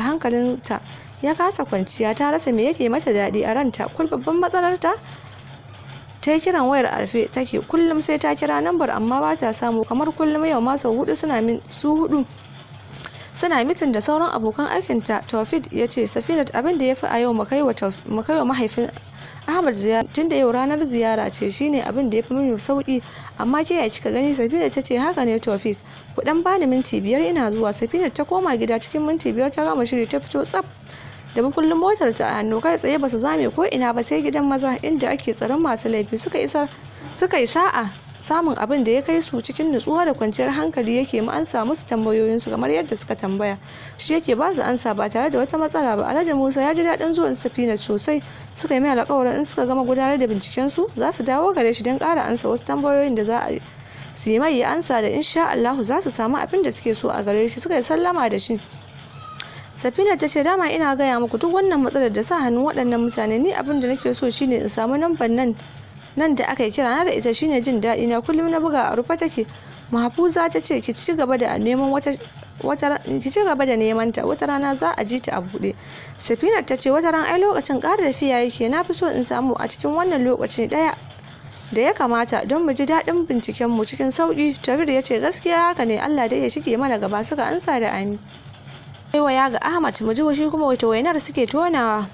hankalinta ya kasa kwanciya ta rasa me yake mata daɗi a ranta kul babban matsalarta ta yi kiran wayar arfe take kullum sai ta kira nambar amma ba ta samu kamar kullum yau ma sau hudu suna min su hudu suna mitin da sauran abokan aikinta taufid ya ce safinat abin da ya fi a yau makaiwa mahaifin Ahmad tun da yau ranar ziyara ce shine abin da ya fi mini sauki amma ke ya kika gani Safina ta ce haka ne Tofik ku dan bani minti biyar ina zuwa Safina ta koma gida cikin minti biyar ta gama shiri ta fito tsaf da makullin motar ta a hannu kai tsaye basu zame ko ina ba sai gidan maza inda ake tsaron masu laifi suka isar suka yi sa'a samun abin da ya kai su cikin nutsuwa da kwanciyar hankali yake mu ansa musu su kamar yadda suka tambaya shi yake ba su ansa ba tare da wata matsala ba alhaji musa ya ji daɗin zuwan safina sosai suka yi mai alƙawarin in suka gama gudanar da binciken su za su dawo gare shi don ƙara ansa wasu tambayoyin da za a su yi mai ya ansa da insha allahu za su samu abin da suke so a gare shi suka yi sallama da shi safina ta ce dama ina gaya muku duk wannan matsalar da sa hannun waɗannan mutane ni abin da nake so shine in samu namban nan nan da aka yi kira na da ita shine jin daɗi na kullum na buga a rufe take mahafuza ta ce ki ci gaba da neman wata ki ci gaba da neman ta wata rana za a ji ta a buɗe safina ta ce wata ran ai lokacin ƙara tafiya yake na fi so in samu a cikin wannan lokaci ɗaya da ya kamata don mu ji daɗin binciken mu cikin sauƙi tarir ya ce gaskiya haka ne allah dai ya shige mana gaba suka ansa da amin waya ga Ahmad mu ji shi kuma wato wainar suke tonawa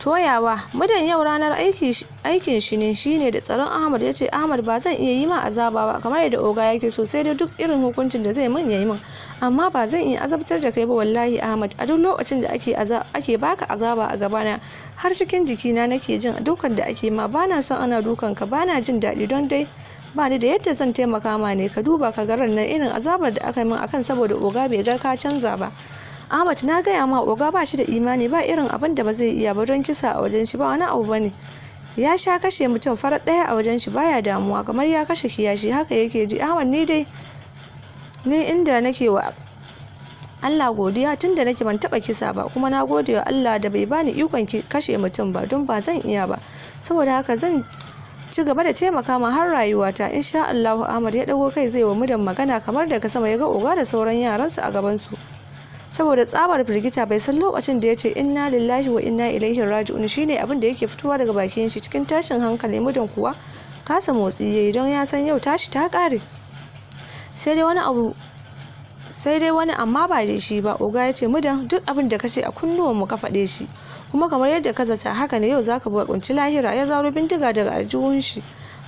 toyawa mudan yau ranar aikin shi ne shine da tsaron Ahmad ya ce Ahmad ba zan iya yi ma azaba ba kamar yadda oga yake so sai dai duk irin hukuncin da zai min yayi min amma ba zan iya azabtar da kai ba wallahi Ahmad a duk lokacin da ake ake baka azaba a gaba na har cikin jikina nake jin dukan da ake ma bana son ana dukan ka bana jin daɗi don dai ba ni da yadda zan taimaka ma ne ka duba ka garan nan irin azabar da aka yi min akan saboda oga bai ga ka canza ba Ahmad na gaya ma oga ba shi da imani ba irin abin da ba zai iya ba don kisa a wajen shi ba wani abu bane ya sha kashe mutum farar daya a wajen shi baya damuwa kamar ya kashe kiyashi haka yake ji Ahmad ni dai ni inda nake wa Allah godiya tunda nake ban taba kisa ba kuma na gode wa Allah da bai bani ikon kashe mutum ba don ba zan iya ba saboda haka zan ci gaba da taimaka ma har rayuwata insha Allahu Ahmad ya dago kai zai wa mudan magana kamar daga sama ya ga oga da sauran yaransa a gaban su saboda tsabar firgita bai san lokacin da ya ce inna lillahi wa inna ilaihi raji'un shine abin da yake fitowa daga bakin shi cikin tashin hankali mudan kuwa kasa motsi yayi don ya san yau tashi ta kare sai dai wani abu sai dai wani amma ba da shi ba oga ya ce mudan duk abin da ka ce a mu ka faɗe shi kuma kamar yadda ka zata haka ne yau zaka buga kunci lahira ya zaro bindiga daga aljihun shi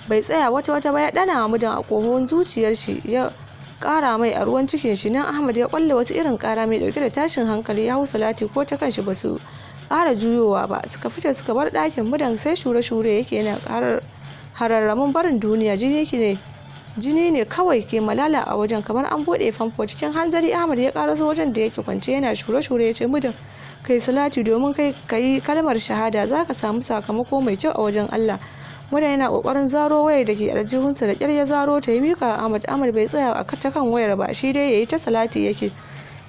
bai tsaya wata wata ba ya dana wa mudan a kohon zuciyar shi ya kara mai a ruwan cikin shi nan ahmad ya kwalle wata irin kara mai dauke da tashin hankali ya hau salati ko ta kanshi ba su kara juyowa ba suka fice suka bar dakin mudan sai shure-shure yake yana karar hararramin barin duniya jini yake ne jini ne kawai ke malala a wajen kamar an bude famfo cikin hanzari ahmad ya su wajen da yake kwance yana shure-shure ya ce mudin kai salati domin kai kayi kalmar shahada za ka samu sakamako mai kyau a wajen allah wanda yana kokarin zaro wayar da ke aljihunsa da kyar ya zaro ta yi mika ahmad ahmad bai tsaya a ta kan wayar ba shi dai yayi ta salati yake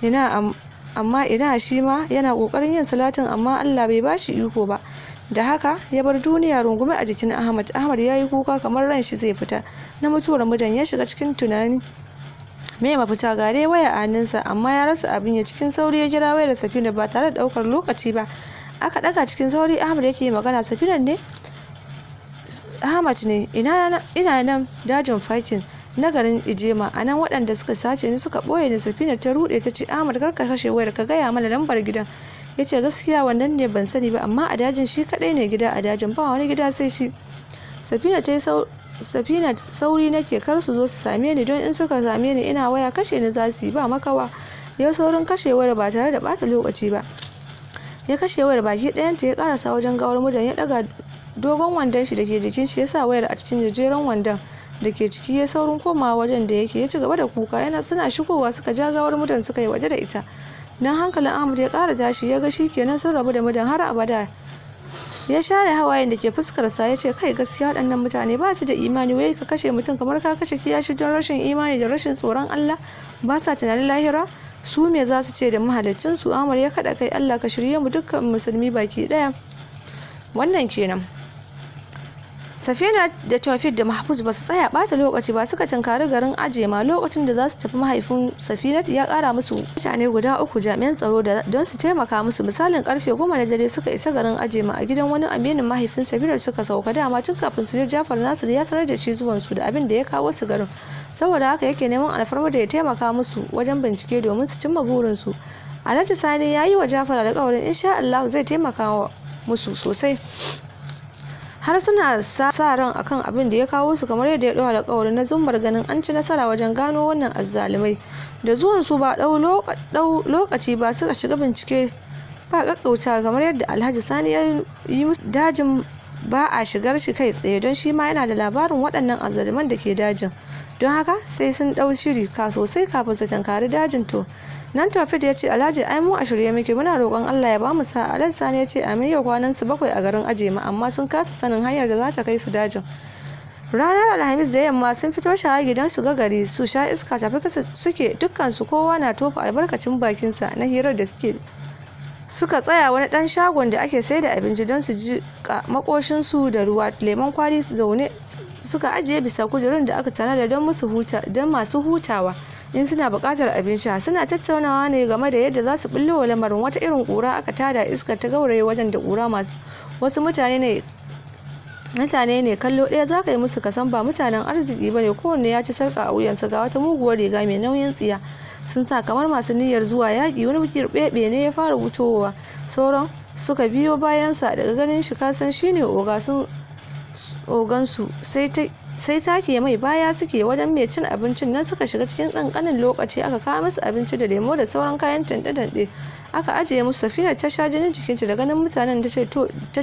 ina amma ina shi ma yana kokarin yin salatin amma allah bai bashi iko ba da haka ya bar duniya rungume a jikin ahmad ahmad ya yi kuka kamar ran shi zai fita na mutuwar mijin ya shiga cikin tunani mai mafita ga dai waya a hannunsa amma ya rasa abin ya cikin sauri ya kira wayar safina ba tare da daukar lokaci ba aka daga cikin sauri ahmad yake magana safina ne ahmad ne ina nan dajin fakin na garin ijema a nan waɗanda suka sace ni suka ɓoye ni safina ta ruɗe ta ce ahmad kar ka kashe wayar ka gaya mana lambar gidan ya ce gaskiya wannan ne ban sani ba amma a dajin shi kadai ne gida a dajin ba wani gida sai shi safina ta yi safina sauri nake kar su zo su same ni don in suka same ni ina waya kashe ni za su yi ba makawa ya saurin kashewar ba tare da bata lokaci ba ya kashe wayar baki ɗayanta ya karasa wajen gawar mudan ya daga dogon wandon shi da ke jikin shi ya sa wayar a cikin jejeren wandon da ke ciki ya saurin komawa wajen da yake ya ci gaba da kuka yana suna shigowa suka ja gawar mudan suka yi waje da ita dan hankalin ahmad ya kara tashi ya ga shi kenan sun rabu da mudan har abada ya share hawayen da ke fuskarsa ya ce kai gaskiya waɗannan mutane ba su da imani wai ka kashe mutum kamar ka kashe kiyashi don rashin imani da rashin tsoron Allah ba sa tunanin lahira su me za su ce da mahalicin su amar ya kaɗa kai Allah ka shirye mu dukkan musulmi baki ɗaya wannan kenan Safina da tawfiq da Mahfuz ba su tsaya bata lokaci ba suka tunkari garin Ajema lokacin da za su tafi mahaifin safina ya kara musu mutane guda uku jami'an tsaro da don su taimaka musu misalin karfe goma na dare suka isa garin Ajema a gidan wani aminin mahaifin Safina suka sauka dama tun kafin su je Jafar Nasir ya sanar da shi zuwan su da abin da ya kawo su garin saboda haka yake neman alfarma da ya taimaka musu wajen bincike domin su cimma burin su Alhaji Sani ya yi wa Jafar alƙawarin insha allahu zai taimaka musu sosai har suna sa ran akan abin da ya kawo su kamar yadda ya ɗau alƙawari na zumbar ganin an ci nasara wajen gano wannan azzalumai da zuwan su ba ɗau lokaci ba suka shiga bincike ba ƙaƙƙauta kamar yadda alhaji sani ya yi dajin ba a shigar shi kai tsaye don shi ma yana da labarin waɗannan azaliman da ke dajin don haka sai sun ɗau shiri ka sosai kafin su tankari dajin to nan tafid ya ce alhaji ai mu a shirye muke muna roƙon allah ya bamu sa alhaji sani ya ce amin yau kwanan su bakwai a garin aje ma amma sun kasa sanin hanyar da za ta kai su dajin ranar alhamis da yamma sun fito shaye gidan su ga gari su sha iska tafi suke dukkan su kowa na tofa albarkacin bakinsa na hirar da suke suka tsaya wani ɗan shagon da ake sai da abinci don su ji makoshinsu da ruwa lemon kwali zaune suka ajiye bisa kujerun da aka tanada don musu huta don masu hutawa in suna buƙatar abin sha suna tattaunawa ne game da yadda za su bullo wa lamarin wata irin ƙura aka tada iska ta gauraye wajen da ƙura masu wasu mutane ne mutane ne kallo ɗaya za ka yi musu kasan ba mutanen arziki ba ne kowanne ya ci sarka a wuyansa ga wata muguwar riga mai nauyin tsiya sun sa kamar masu niyyar zuwa yaƙi wani bikin ɓeɓe ne ya fara wutowa sauran suka biyo bayansa daga ganin shi kasan shine ogansu sai ta sai take mai baya suke wajen mai cin abincin nan suka shiga cikin ƙanƙanin lokaci aka kawo musu abinci da lemo da sauran kayan tanɗe-tanɗe aka ajiye musu safiyar ta sha jinin jikinta da ganin mutanen ta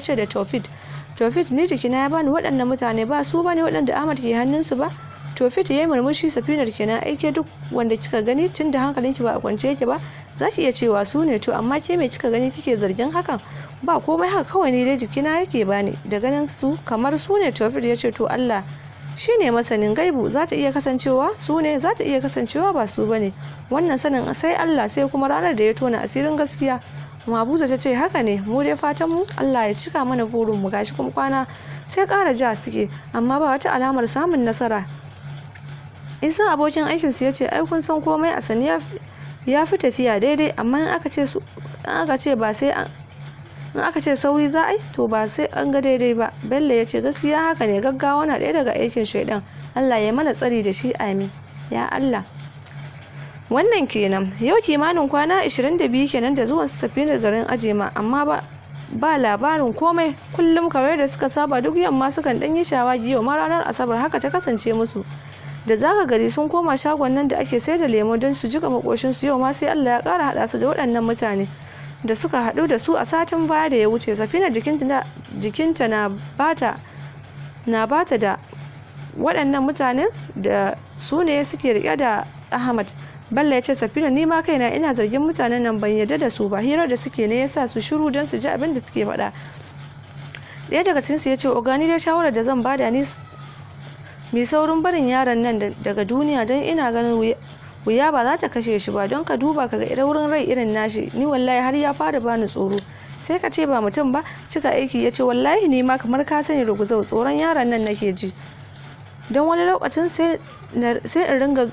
ce da taufid tofit ni jikina ya bani waɗannan mutane ba su bane waɗanda ahmad ke hannunsu ba tofit ya yi murmushi safinar kina aike duk wanda kika gani tun da hankalinki ba a kwance yake ba za ki iya cewa su ne to amma ke mai kika gani kike zargin hakan ba komai haka kawai ni dai jikina yake bani da ganin su kamar su ne tofit ya ce to allah shi ne masanin gaibu za ta iya kasancewa su ne za ta iya kasancewa ba su bane wannan sanin sai allah sai kuma ranar da ya tona asirin gaskiya mabuza ta ce haka ne mu dai fatan mu allah ya cika mana burin mu gashi kuma kwana sai ƙara ja suke amma ba wata alamar samun nasara isa abokin aikinsu ya ce ai kun san komai a sani ya fi tafiya daidai amma in aka ce ba sai in aka ce sauri za a yi to ba sai an ga daidai ba bello ya ce gaskiya haka ne gaggawa na ɗaya daga aikin shaidan allah ya mana tsari da shi amin ya allah wannan kenan yau kimanin kwana 22 kenan da zuwan safinar garin ajema amma ba ba labarin komai kullum kamar da suka saba duk yamma sukan dan yi shawagi yau ma ranar asabar haka ta kasance musu da zaga gari sun koma shagon nan da ake sai da lemo don su jika makoshin su yau ma sai Allah ya kara hada su da waɗannan mutane da suka haɗu da su a satin baya da ya wuce safina jikinta na bata na bata da waɗannan mutanen da su ne suke rike da Ahmad balla ya ce Safira ni ma kaina ina zargin mutanen nan ban yarda da su ba hirar da suke ne yasa su shiru don su ji abin da suke faɗa. Ɗaya daga cinsu ya ce ogani dai shawarar da zan bada ni mai saurin barin yaron nan daga duniya don ina ganin wuya ba za ta kashe shi ba don ka duba ka ga ira wurin rai irin nashi ni wallahi har ya fara bani tsoro sai ka ce ba mutum ba cika aiki ya ce wallahi ni ma kamar ka sani ruguzau tsoron yaron nan nake ji don wani lokacin sai in ringa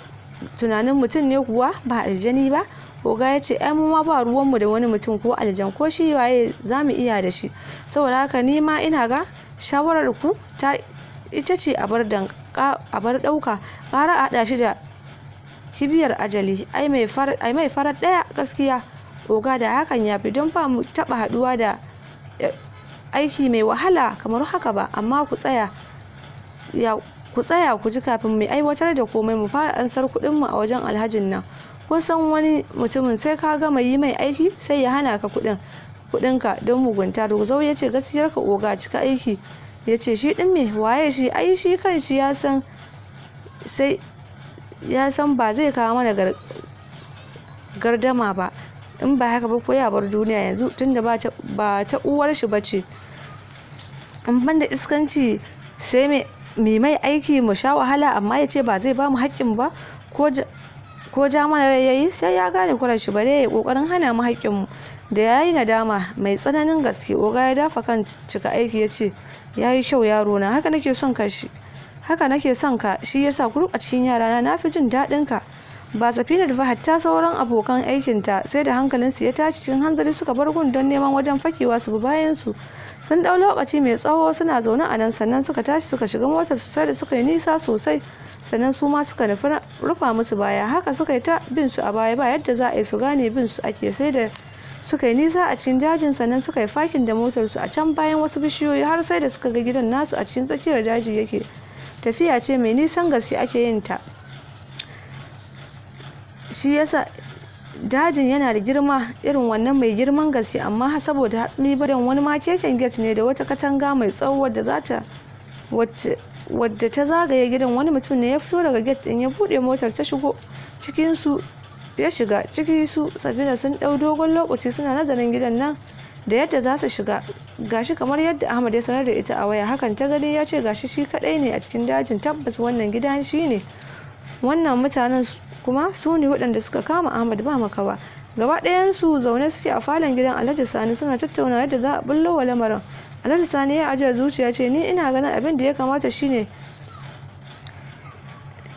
tunanin mutum ne kuwa ba aljani ba oga ya ce ai mu ma ba ruwanmu da wani mutum ko aljan ko shi waye zamu iya da shi saboda haka ni ma ina ga shawarar ku ta ita ce a bar ɗauka kara a haɗa shi da kibiyar ajali ai mai farar ɗaya gaskiya oga da hakan ya fi don ba mu taɓa haɗuwa da eh, aiki mai wahala kamar haka ba amma ku tsaya ya ku tsaya ku ji kafin mu aiwatar da komai mu fara ansar kuɗin mu a wajen alhajin nan kun san wani mutumin sai ka gama yi mai aiki sai ya hana ka kuɗin kuɗinka don mugunta zo ya ce gaskiyar ka oga cika aiki ya ce shi ɗin me waye shi ai shi kan shi ya san sai ya san ba zai kawo mana gardama ba in ba haka ba ko ya bar duniya yanzu tunda ba ta uwar shi ba ce in banda iskanci sai me mi mai aiki mu sha wahala amma ya ce ba zai ba mu haƙƙin ba ko ja mana rai yayi sai ya gane kuran shi bare ya kokarin hana mu haƙƙin mu da yayi nadama mai tsananin gaske oga ya dafa kan cika aiki ya ce yayi kyau yaro na haka nake son ka shi haka nake son ka shi yasa ku a cikin yara na fi jin daɗin ka ba safinar da hatta sauran abokan aikinta sai da hankalinsu ya tashi cikin hanzari suka bar gun don neman wajen fakewa su bi bayan su sun dau lokaci mai tsawo suna zaune a nan sannan suka tashi suka shiga motar sosai da suka yi nisa sosai sannan su ma suka nufi rufa musu baya haka suka yi ta bin su a baya ba yadda za a yi su gane bin su ake sai da suka yi nisa a cikin dajin sannan suka yi fakin da motar su a can bayan wasu bishiyoyi har sai da suka ga gidan nasu a cikin tsakiyar daji yake tafiya ce mai nisan gaske ake yin ta shi yasa dajin yana da girma irin wannan mai girman gaske amma saboda hatsari barin wani makeken gate ne da wata katanga mai tsawo wadda za ta wacce wadda ta zagaye gidan wani mutum ne ya fito daga gate din ya bude motar ta shigo cikin su ya shiga ciki su safina sun dau dogon lokaci suna nazarin gidan nan da yadda za su shiga gashi kamar yadda ahmad ya sanar da ita a waya hakan ta gani ya ce gashi shi kadai ne a cikin dajin tabbas wannan gidan shi ne wannan mutanen kuma su ne waɗanda suka kama ahmad ba makawa gaba su zaune suke a falon gidan alhaji sani suna tattauna yadda za a bullo wa lamarin alhaji sani ya ajiyar zuciya ce ni ina ganin abin da ya kamata shine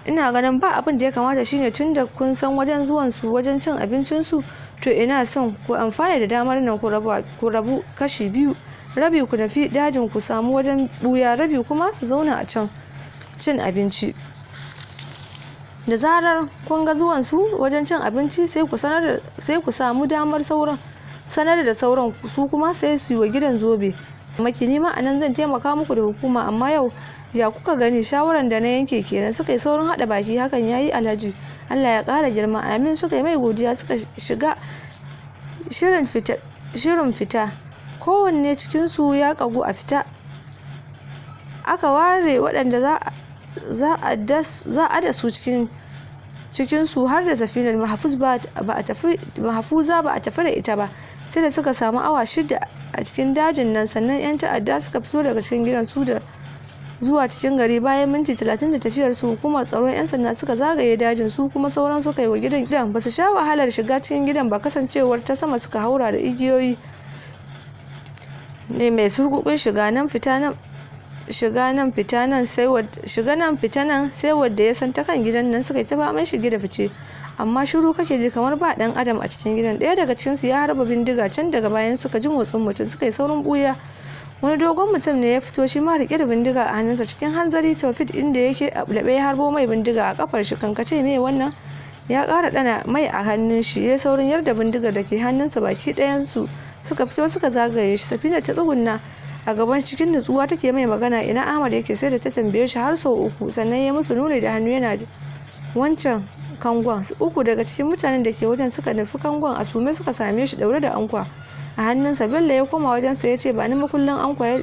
ina ganin ba abin da ya kamata shine tun da kun san wajen zuwan su wajen cin abincin su to ina son ku amfana da damar nan ku rabu kashi biyu rabi ku tafi dajin ku samu wajen buya rabi kuma su zauna a can cin abinci da zarar kun ga zuwan su wajen cin abinci sai ku sanar sai ku samu damar sauran sanar da sauran su kuma sai su yi wa gidan zobe maki ni ma anan zan taimaka muku da hukuma amma yau ya kuka gani shawaran da na yanke kenan suka yi saurin hada baki hakan ya yi alhaji Allah ya kara girma amin suka yi mai godiya suka shiga shirin fita shirin fita kowanne cikinsu ya kagu a fita aka ware waɗanda za za a da su cikin cikinsu har da safinar mahafuza ba a tafi da ita ba sai da suka samu awa shida a cikin dajin nan sannan 'yan ta'adda suka fito daga cikin gidan su da zuwa cikin gari bayan minti talatin da tafiyar su hukumar tsaron 'yan sanda suka zagaye dajin su kuma sauran suka yi wa gidan gidan ba su sha wahalar shiga cikin gidan ba kasancewar ta sama suka haura da igiyoyi ne mai surgubin shiga nan fita nan shiga nan fita nan sai shiga nan fita nan sai ya san ta kan gidan nan suka yi ta faman shige da fice amma shiru kake ji kamar ba dan adam a cikin gidan daya daga cikinsu ya harba bindiga can daga bayan suka ji motsin mutum suka yi saurin buya wani dogon mutum ne ya fito shi ma rike da bindiga a hannunsa cikin hanzari tofit inda yake a labe ya harbo mai bindiga a kafar shi kankace me wannan ya kara dana mai a hannun shi ya saurin yarda bindigar da ke hannunsa baki dayan su suka fito suka zagaye shi safina ta tsugunna a gaban cikin nutsuwa take mai magana ina ahmad yake sai da ta tambaye shi har sau uku sannan ya musu nuni da hannu yana wancan kangon uku daga cikin mutanen da ke wajen suka nufi kangon a sume suka same shi daure da ankwa a hannunsa bello ya koma wajen ya ce ba ni makullin ankwa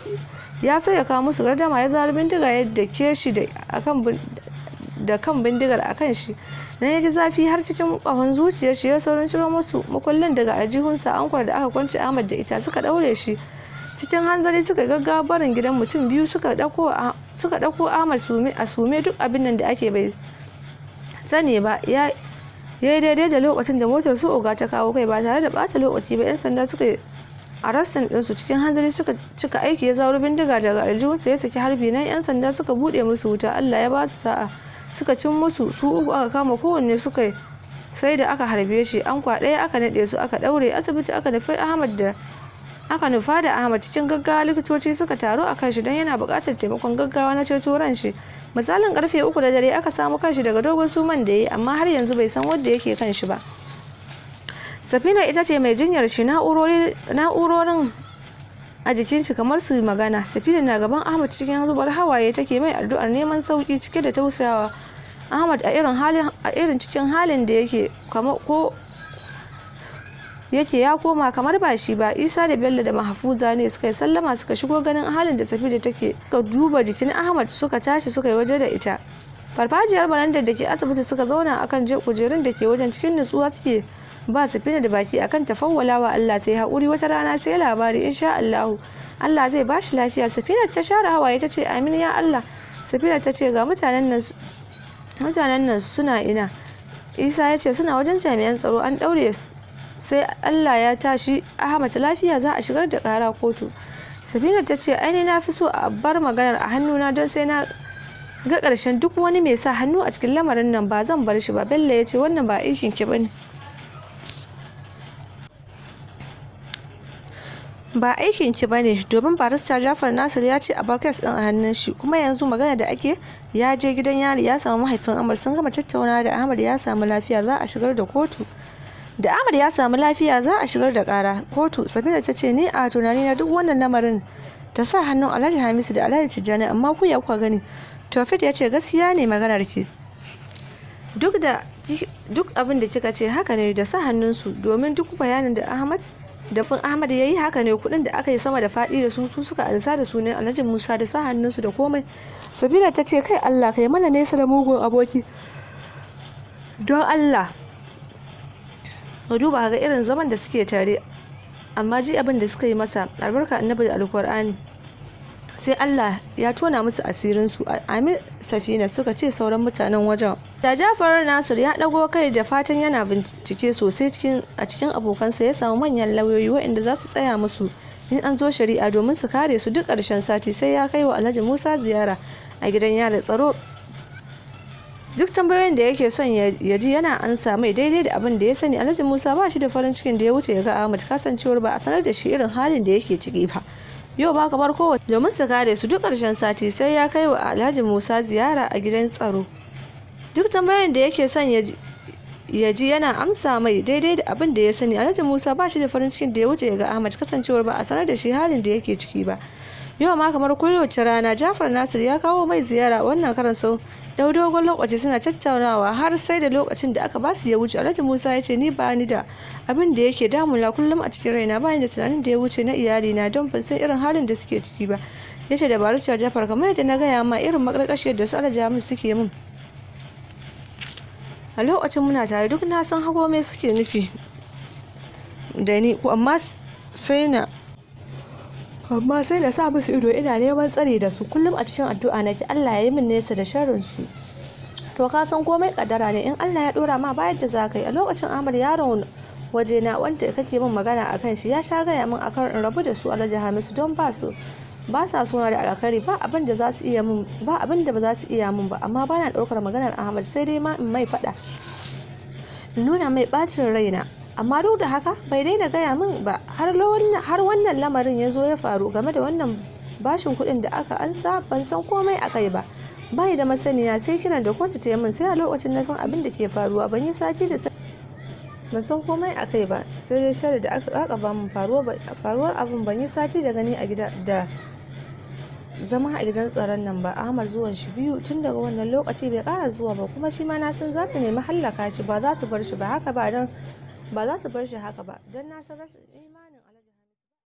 ya so ya kawo musu gardama ya zara bindiga ya dake shi da kan bindigar a kan shi na ya ji zafi har cikin kahon zuciyar shi ya saurin ciro musu makullin daga aljihunsa ankwar da aka kwanci ahmad da ita suka daure shi cikin hanzari suka gaggawa barin gidan mutum biyu suka ɗauko ahmad a sume duk abin nan da ake bai sani ba ya yi daidai da lokacin da motar su oga ta kawo kai ba tare da bata lokaci ba yan sanda suka arrestin ɗinsu cikin hanzari suka cika aiki ya zauro bindiga daga aljihunsa ya saki harbi nan yan sanda suka buɗe musu wuta allah ya ba su sa'a suka cin musu su uku aka kama kowanne suka sai da aka harbe shi an ɗaya aka naɗe su aka ɗaure asibiti aka nufi ahmad da aka nufa da ahmad cikin gaggawa likitoci suka taru a kanshi don yana bukatar taimakon gaggawa na ceto ran shi misalin karfe uku da dare aka samu kanshi daga dogon suman da ya yi amma har yanzu bai san wanda yake kan shi ba safina ita ce mai jinyar shi na'urorin a jikin shi kamar su magana safina na gaban ahmad cikin zubar hawaye take mai addu'ar neman sauki cike da tausayawa ahmad a irin cikin halin da yake ko yake ya koma kamar ba shi ba isa da bello da mahfuza ne suka yi sallama suka shigo ganin halin da safira take ka duba jikin ahmad suka tashi suka yi waje da ita farfajiyar barandar da ke asibiti suka zauna akan kujerun da ke wajen cikin nutsuwa suke ba fina da baki akan tafawwala wa allah ta yi haƙuri wata rana sai labari insha allahu allah zai ba shi lafiya safinar ta share hawaye ta ce amin ya allah safinar ta ce ga mutanen nan mutanen nan suna ina isa ya ce suna wajen jami'an tsaro an daure. su sai allah ya tashi ahmad lafiya za a shigar da kara kotu sabina ta ce aini na fi so a bar maganar a hannuna don sai na ga ƙarshen duk wani mai sa hannu a cikin lamarin nan ba zan bar shi ba bello ya ce wannan ba aikin ki bane ba aikin ki bane domin barista Jafar Nasir ya ce a bar kes din a hannun shi kuma yanzu magana da ake ya je gidan yari ya samu mahaifin amur sun gama tattaunawa da Ahmad ya samu lafiya za a shigar da kotu da Ahmad ya samu lafiya za a shigar da kara kotu Samira ta ce ni a tunani na duk wannan lamarin ta sa hannun Alhaji Hamisu da Alhaji Tijjani amma ku ya kuka gani Tofit ya ce gaskiya ne maganar ki duk da abin da kika ce haka ne da sa hannunsu domin duk bayanin da Ahmad da fun Ahmad ya yi haka ne kuɗin da aka yi sama da faɗi da su su suka ansa da sunan Alhaji Musa da sa hannunsu da komai Sabila ta ce kai Allah kai mana nesa da mugun aboki don Allah ka duba ga irin zaman da suke tare amma ji abin da suka yi masa albarka annabi da alkur'ani sai Allah ya tona musu asirinsu su Safina suka ce sauran mutanen wajen da Jafar Nasir ya ɗago kai da fatan yana bincike sosai a cikin abokansa ya samu manyan lauyoyi waɗanda za su tsaya musu in an zo shari'a domin su kare su duk ƙarshen sati sai ya kai wa Alhaji Musa ziyara a gidan yara tsaro duk tambayoyin da yake son ya ji yana ansa mai daidai da abin da ya sani alhaji musa ba shi da farin cikin da ya wuce ya ga ahmad kasancewar ba a sanar da shi irin halin da yake ciki ba yau ba kamar kowace domin su kare su duk karshen sati sai ya kai wa alhaji musa ziyara a gidan tsaro duk tambayoyin da yake son ya ji ya ji yana amsa mai daidai da abin da ya sani alhaji musa ba shi da farin cikin da ya wuce ya ga ahmad kasancewar ba a sanar da shi halin da yake ciki ba yau ma kamar kowace rana jafar nasir ya kawo mai ziyara wannan karan sau da dogon lokaci suna tattaunawa har sai da lokacin da aka basu ya wuce alhaji musa ya ce ni ba ni da abin da yake damuna kullum a cikin raina bayan da tunanin da ya wuce na iyalina don ban san irin halin da suke ciki ba ya ce dabaru cewa jafar kamar yadda na gaya ma irin makarkashiyar da su alhaji hamis suke min a lokacin muna tare duk na san hago mai suke nufi da ni amma sai na amma sai na sa musu ido ina neman tsari da su kullum a cikin addu'a na nake Allah ya yi min nesa da sharrin su to ka san komai kadara ne in Allah ya dora ma bayar da zakai a lokacin amar yaron waje na wanda kake min magana akan shi ya sha gaya min akan in rabu da su Alhaji Hamisu don ba su ba sa suna da alkhairi ba abin da za su iya min ba abin da ba za su iya min ba amma bana daukar maganar Ahmad sai dai ma in mai fada nuna mai bacin raina amma duk da haka bai daina gaya min ba har wannan lamarin ya zo ya faru game da wannan bashin kuɗin da aka ansa ban san komai a kai ba bai da masaniya sai kiran da kotu ta min sai a lokacin na san abin da ke faruwa ban yi sati da ban san komai a kai ba sai dai shari da aka kaka ba min faruwar abin ban yi sati da gani a gida da zama a gidan tsaron nan ba ahmad zuwan shi biyu tun daga wannan lokaci bai kara zuwa ba kuma shi ma na san za su nemi hallaka shi ba za su bar shi ba haka ba don ba za su bar shi haka ba don na san rashin eh,